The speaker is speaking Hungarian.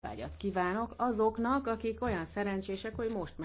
vágyat kívánok azoknak, akik olyan szerencsések, hogy most